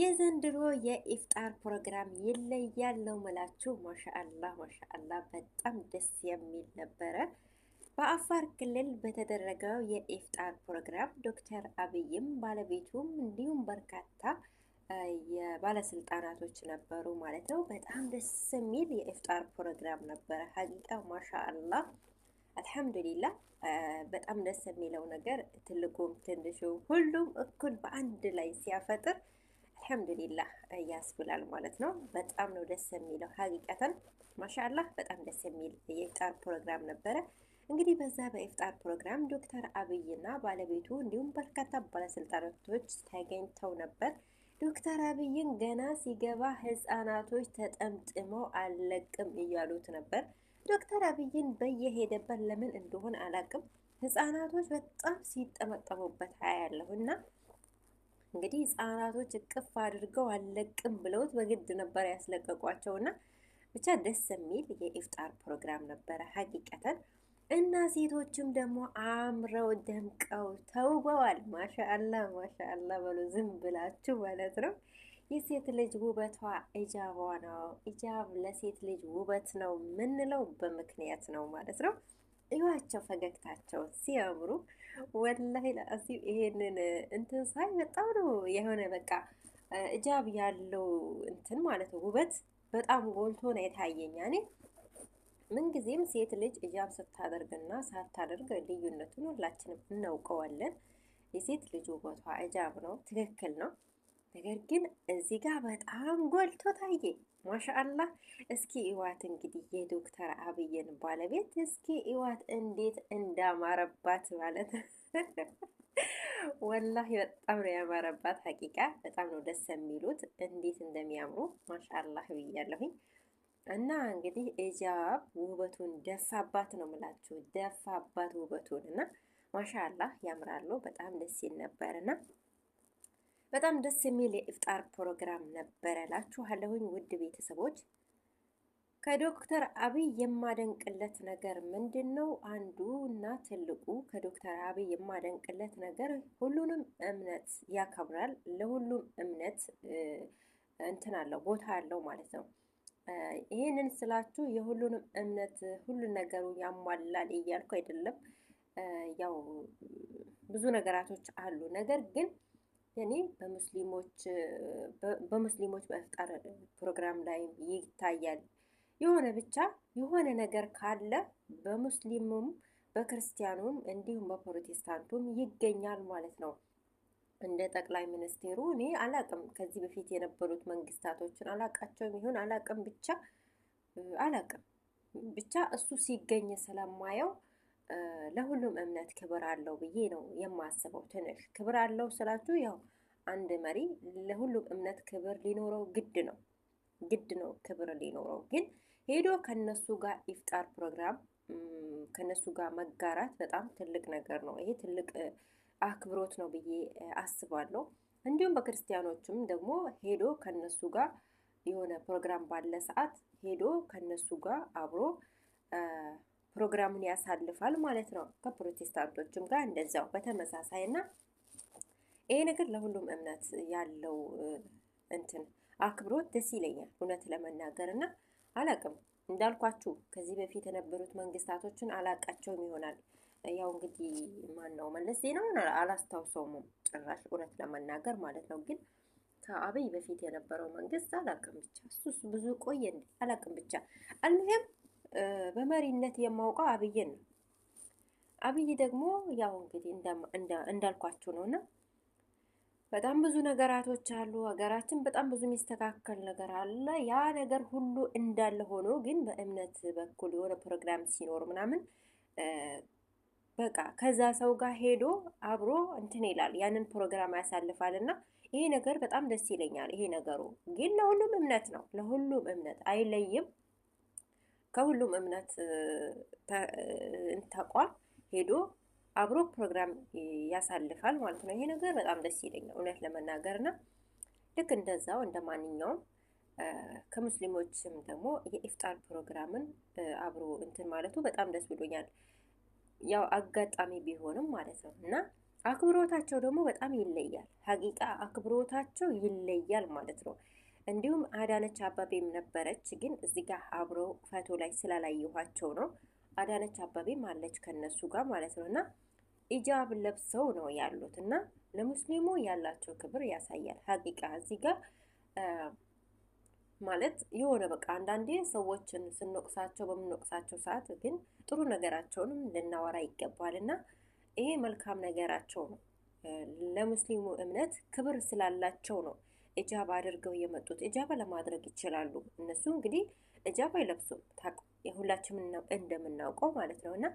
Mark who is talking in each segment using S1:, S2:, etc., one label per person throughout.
S1: የዘንድሮ የኢፍጣር ፕሮግራም ይለያል ነው ምላችሁ። ማሻአላህ ማሻአላህ በጣም ደስ የሚል ነበረ። በአፋር ክልል በተደረገው የኢፍጣር ፕሮግራም ዶክተር አብይም ባለቤቱም እንዲሁም በርካታ የባለስልጣናቶች ነበሩ ማለት ነው። በጣም ደስ የሚል የኢፍጣር ፕሮግራም ነበረ። ሀቂቃ ማሻአላህ አልሐምዱሊላ። በጣም ደስ የሚለው ነገር ትልቁም ትንሹ ሁሉም እኩል በአንድ ላይ ሲያፈጥር አልሐምዱሊላህ ያስብላል ማለት ነው። በጣም ነው ደስ የሚለው ሀቂቀተን ማሻአላህ በጣም ደስ የሚል የኢፍጣር ፕሮግራም ነበረ። እንግዲህ በዛ በኢፍጣር ፕሮግራም ዶክተር አብይና ባለቤቱ እንዲሁም በርካታ ባለስልጣናቶች ተገኝተው ነበር። ዶክተር አብይን ገና ሲገባ ህጻናቶች ተጠምጥመው አልለቅም እያሉት ነበር። ዶክተር አብይን በየሄደበት ለምን እንደሆነ አላቅም ህጻናቶች በጣም ሲጠመጠሙበት አያለሁ እና እንግዲህ ህጻናቶች እቅፍ አድርገው አለቅም ብለውት በግድ ነበር ያስለቀቋቸው እና ብቻ ደስ የሚል የኢፍጣር ፕሮግራም ነበረ ሀቂቀተን እና ሴቶችም ደግሞ አምረው ደምቀው ተውበዋል። ማሻአላ ማሻአላ በሉ ዝም ብላችሁ ማለት ነው። የሴት ልጅ ውበቷ እጃቧ ነው። ኢጃብ ለሴት ልጅ ውበት ነው የምንለው በምክንያት ነው ማለት ነው። እዩዋቸው ፈገግታቸው ሲያምሩ ወላሂ ለአዚም ይሄንን እንትን ሳይ በጣም ነው የሆነ በቃ እጃብ ያለው እንትን ማለት ነው ውበት በጣም ጎልቶ ነው የታየኝ። ያኔ ምንጊዜም ሴት ልጅ እጃብ ስታደርግና ሳታደርግ ልዩነቱን ሁላችንም እናውቀዋለን። የሴት ልጅ ውበቷ እጃብ ነው። ትክክል ነው። ነገር ግን እዚህ ጋር በጣም ጎልቶ ታየ። ማሻአላህ እስኪ እዋት እንግዲህ የዶክተር አብይን ባለቤት እስኪ እዋት እንዴት እንዳማረባት ማለት ወላሂ በጣም ነው ያማረባት። ሀቂቃ በጣም ነው ደስ የሚሉት እንዴት እንደሚያምሩ ማሻአላህ ብያለሁኝ። እና እንግዲህ እጃብ ውበቱን ደፋባት ነው ምላችሁ፣ ደፋባት ውበቱን እና ማሻአላህ ያምራሉ። በጣም ደስ ይል ነበርና በጣም ደስ የሚል የኢፍጣር ፕሮግራም ነበረ ላችኋለሁኝ ውድ ቤተሰቦች። ከዶክተር አብይ የማደንቅለት ነገር ምንድን ነው? አንዱ እና ትልቁ ከዶክተር አብይ የማደንቅለት ነገር ሁሉንም እምነት ያከብራል። ለሁሉም እምነት እንትን አለው ቦታ አለው ማለት ነው። ይህንን ስላችሁ የሁሉንም እምነት ሁሉን ነገሩ ያሟላል እያልኩ አይደለም። ያው ብዙ ነገራቶች አሉ። ነገር ግን እኔ በሙስሊሞች በሙስሊሞች በፍጣር ፕሮግራም ላይ ይታያል። የሆነ ብቻ የሆነ ነገር ካለ በሙስሊሙም በክርስቲያኑም እንዲሁም በፕሮቴስታንቱም ይገኛል ማለት ነው። እንደ ጠቅላይ ሚኒስቴሩ እኔ አላቅም። ከዚህ በፊት የነበሩት መንግስታቶችን አላቃቸውም ይሁን አላቅም፣ ብቻ አላቅም ብቻ እሱ ሲገኝ ስለማየው ለሁሉም እምነት ክብር አለው ብዬ ነው የማስበው። ትንሽ ክብር አለው ስላችሁ ያው አንድ መሪ ለሁሉም እምነት ክብር ሊኖረው ግድ ነው ግድ ነው ክብር ሊኖረው ግን ሄዶ ከነሱ ጋር ኢፍጣር ፕሮግራም ከነሱ ጋር መጋራት በጣም ትልቅ ነገር ነው። ይሄ ትልቅ አክብሮት ነው ብዬ አስባለሁ። እንዲሁም በክርስቲያኖችም ደግሞ ሄዶ ከነሱ ጋር የሆነ ፕሮግራም ባለ ሰዓት ሄዶ ከነሱ ጋር አብሮ ፕሮግራሙን ያሳልፋል ማለት ነው። ከፕሮቴስታንቶችም ጋር እንደዚያው በተመሳሳይ እና ይሄ ነገር ለሁሉም እምነት ያለው እንትን አክብሮት ደስ ይለኛል እውነት ለመናገር እና አላቅም እንዳልኳችሁ ከዚህ በፊት የነበሩት መንግስታቶችን አላቃቸውም ይሆናል። ያው እንግዲህ ማን ነው መለስ ዜናውን አላስታውሰውም ጭራሽ እውነት ለመናገር ማለት ነው። ግን ከአብይ በፊት የነበረው መንግስት አላቅም ብቻ እሱስ ብዙ ቆየ አላቅም ብቻ አልም በመሪነት የማውቀው አብይን ነው። አብይ ደግሞ ያው እንግዲህ እንዳልኳችሁ ነውና በጣም ብዙ ነገራቶች አሉ። ሀገራችን በጣም ብዙ የሚስተካከል ነገር አለ። ያ ነገር ሁሉ እንዳለ ሆኖ ግን በእምነት በኩል የሆነ ፕሮግራም ሲኖር ምናምን በቃ ከዛ ሰው ጋር ሄዶ አብሮ እንትን ይላል፣ ያንን ፕሮግራም ያሳልፋል። እና ይሄ ነገር በጣም ደስ ይለኛል። ይሄ ነገሩ ግን ለሁሉም እምነት ነው፣ ለሁሉም እምነት አይለይም። ከሁሉም እምነት ተቋም ሄዶ አብሮ ፕሮግራም ያሳልፋል ማለት ነው። ይሄ ነገር በጣም ደስ ይለኛል እውነት ለመናገር እና ልክ እንደዛው እንደ ማንኛውም ከሙስሊሞችም ደግሞ የኢፍጣር ፕሮግራምን አብሮ እንትን ማለቱ በጣም ደስ ብሎኛል። ያው አጋጣሚ ቢሆንም ማለት ነው እና አክብሮታቸው ደግሞ በጣም ይለያል። ሀቂቃ አክብሮታቸው ይለያል ማለት ነው። እንዲሁም አዳነች አባቤም ነበረች። ግን እዚህ ጋር አብሮ ፈቶ ላይ ስላላየኋቸው ነው። አዳነች አባቤም አለች ከነሱ ጋር ማለት ነው። እና ኢጃብ ለብሰው ነው ያሉት እና ለሙስሊሙ ያላቸው ክብር ያሳያል። ሀቂቃ እዚህ ጋር ማለት የሆነ በቃ አንዳንዴ ሰዎችን ስንወቅሳቸው በምንወቅሳቸው ሰዓት ግን ጥሩ ነገራቸውንም ልናወራ ይገባል እና ይሄ መልካም ነገራቸው ነው። ለሙስሊሙ እምነት ክብር ስላላቸው ነው ኢጃባ አድርገው የመጡት ኢጃባ ለማድረግ ይችላሉ። እነሱ እንግዲህ ኢጃባ አይለብሱም፣ ሁላችንም እንደምናውቀው ማለት ነው እና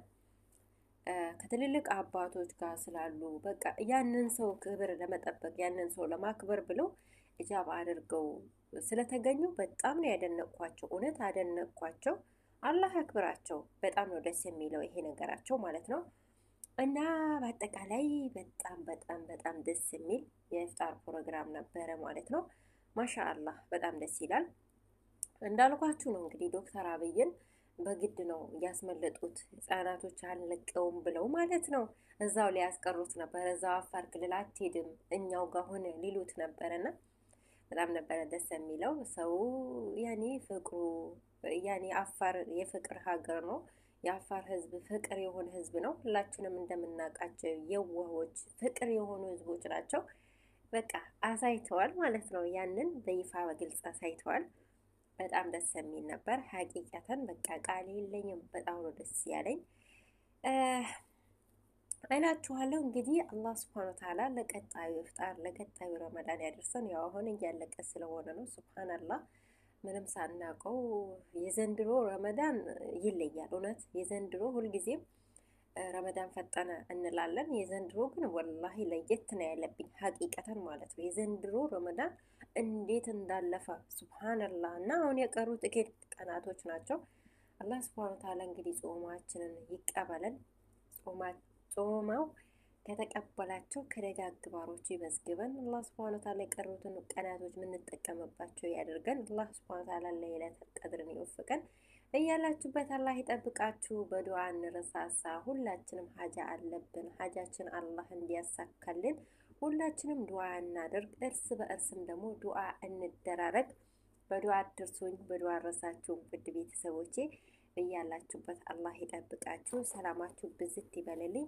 S1: ከትልልቅ አባቶች ጋር ስላሉ በቃ ያንን ሰው ክብር ለመጠበቅ ያንን ሰው ለማክበር ብለው ኢጃባ አድርገው ስለተገኙ በጣም ነው ያደነቅኳቸው። እውነት አደነቅኳቸው። አላህ ያክብራቸው። በጣም ነው ደስ የሚለው ይሄ ነገራቸው ማለት ነው። እና በአጠቃላይ በጣም በጣም በጣም ደስ የሚል የኢፍጣር ፕሮግራም ነበረ ማለት ነው። ማሻአላህ በጣም ደስ ይላል። እንዳልኳችሁ ነው እንግዲህ ዶክተር አብይን በግድ ነው ያስመለጡት። ህጻናቶች አልለቀውም ብለው ማለት ነው። እዛው ላይ ያስቀሩት ነበር። እዛው አፋር ክልል አትሄድም እኛው ጋር ሆነ ሊሉት ነበረና በጣም ነበረ ደስ የሚለው ሰው ያኔ ፍቅሩ ያኔ አፋር የፍቅር ሀገር ነው። የአፋር ህዝብ ፍቅር የሆነ ህዝብ ነው። ሁላችንም እንደምናውቃቸው የዋሆች ፍቅር የሆኑ ህዝቦች ናቸው። በቃ አሳይተዋል ማለት ነው። ያንን በይፋ በግልጽ አሳይተዋል። በጣም ደስ የሚል ነበር። ሀቂቀተን በቃ ቃል የለኝም። በጣም ነው ደስ ያለኝ አይናችኋለሁ። እንግዲህ አላህ ስብሓን ወተዓላ ለቀጣዩ እፍጣር ለቀጣዩ ረመዳን ያደርሰን። ያው አሁን እያለቀ ስለሆነ ነው። ስብሓን አላህ ምንም ሳናውቀው የዘንድሮ ረመዳን ይለያል። እውነት የዘንድሮ ሁልጊዜም ረመዳን ፈጠነ እንላለን። የዘንድሮ ግን ወላሂ ለየት ነው ያለብኝ ሀቂቀተን ማለት ነው። የዘንድሮ ረመዳን እንዴት እንዳለፈ ሱብሃነላህ። እና አሁን የቀሩ ጥቂት ቀናቶች ናቸው። አላህ ሱብሃነ ወተዓላ እንግዲህ ጾማችንን ይቀበለን። ጾመው ከተቀበላቸው ከደጋግ ግባሮች ይመዝግበን። አላህ ስብሐነ ወተዓላ የቀሩትን ቀናቶች የምንጠቀምባቸው ያደርገን። አላህ ስብሐነ ወተዓላ ለይለቱል ቀድርን ይወፍቀን። እያላችሁበት አላህ ይጠብቃችሁ። በዱዓ እንረሳሳ። ሁላችንም ሀጃ አለብን። ሀጃችን አላህ እንዲያሳካልን ሁላችንም ዱዓ እናደርግ። እርስ በእርስም ደግሞ ዱዓ እንደራረግ። በዱዓ አድርሱኝ፣ በዱዓ ረሳችሁ ውድ ቤተሰቦቼ። እያላችሁበት አላህ ይጠብቃችሁ። ሰላማችሁ ብዝት ይበልልኝ።